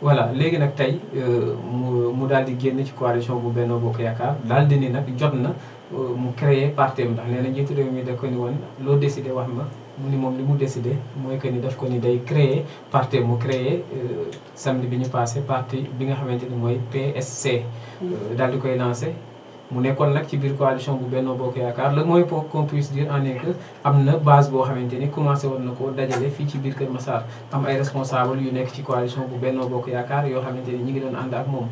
voilà léegi nag tey euh, mu mu daal di génn ci coalition bu benn Bokk Yaakaar daal di ni nag jot na euh, mu créer parti am ndax nee na njiitu réew mi da ko ni woon loo décidé wax ma mu ni moom li mu décidé mooy que ni daf ko ni day créer parti mu crée euh, samedi bi ñu passé parti bi nga xamante ni mooy PSC. Mm. daal di koy lancé. mu nekkoon nak ci bir coalition bu Benno Bokk Yaakaar le moy pour qu'on puisse dire en est que amna base bo xamanteni commencé won nako ko dajale fii ci bir keur Massar am ay responsable yu nekk ci coalition bu Benno Bokk Yaakaar yo xamanteni ñi ngi doon and ak mom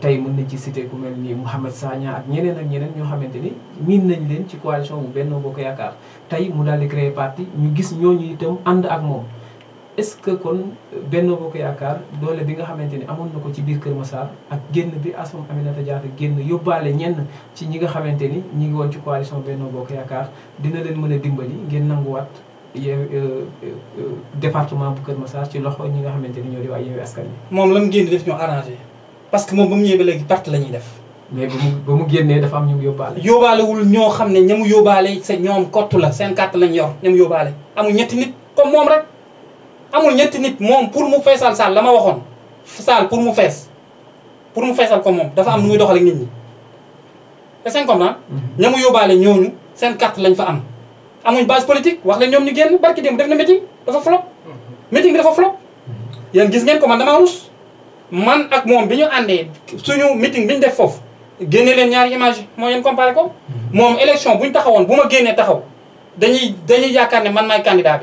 tay mën nañ ci cité ku mel ni mohammed Sagna ak ñeneen ak ñeneen ñoo xamanteni min nañ leen ci coalition bu Benno Bokk Yaakaar tay mu dal di créer parti ñu gis ñooñu itam and ak mom est-ce que kon Benno Bokk Yaakaar doole bi nga xamante ni amoon na ko ci biir Kër Massar ak génn bi Assome Aminata Diatta génn yóbbaale ñenn ci ñi nga xamante ni ñu ngi woon ci coalition Benno Bokk Yaakaar dina leen mën a dimbali ngeen nanguwaat yeew euh, euh, euh, département bu Kër Massar ci loxo ñi nga xamante ni ñoo di waa Yewwi Askan Wi. moom la mu génn def ñoo arrangé parce que moom ba mu ñëwee ba léegi parti la ñuy def. mais ba mu génnee dafa am ñu yóbbaale. yóbbaalewul ñoo xam ne ña mu yóbbaale sa ñoom kottu la seen kàtt lañ yor ña amul ñetti nit moom pour mu feesal saal la ma waxoon saal pour mu fees pour mu feesal ko moom dafa am nu muy doxale nit ñi est-ce que comprendre mhm. ña yóbbaale ñooñu seen carte lañ fa am amuñ base politique wax leen ñoom ñu génn barki démb def na meeting dafa flop mhm. meeting bi dafa flop mhm. yéen gis ngeen ko man damaa rus man ak moom bi ñu àndee suñu meeting bi ñu def foofu génne leen ñaari image moo yeen comparé ko moom élection bu ñu taxawoon bu ma génnee taxaw dañuy dañuy yaakaar ne man maay candidat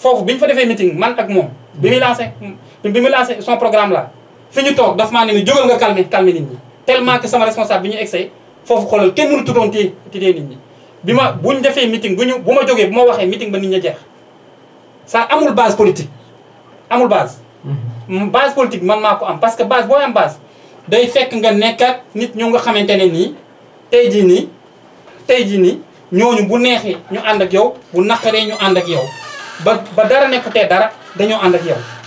fofu biñ fa defé meeting man ak mom bi muy lancé bi muy lancé son programme là fiñu tok toog daf maa ne ni jogal nga calmer calmer nit ñi tellement que sama responsable biñu excès fofu xolal kenn mënu ti ti dé nit ñi bima buñ defé meeting buñu buma joggé buma waxé meeting ba nit ñi jeex ça amul base politique amul base mhm. base politique man mako am parce que base bo am base day fekk nga ak nit ñu nga xamantene ni tay ji ni tay ji ni ñoñu bu nexé ñu and ak yow bu naxaré ñu and ak yow ba ba dara nekkutee dara dañoo ànd ak yow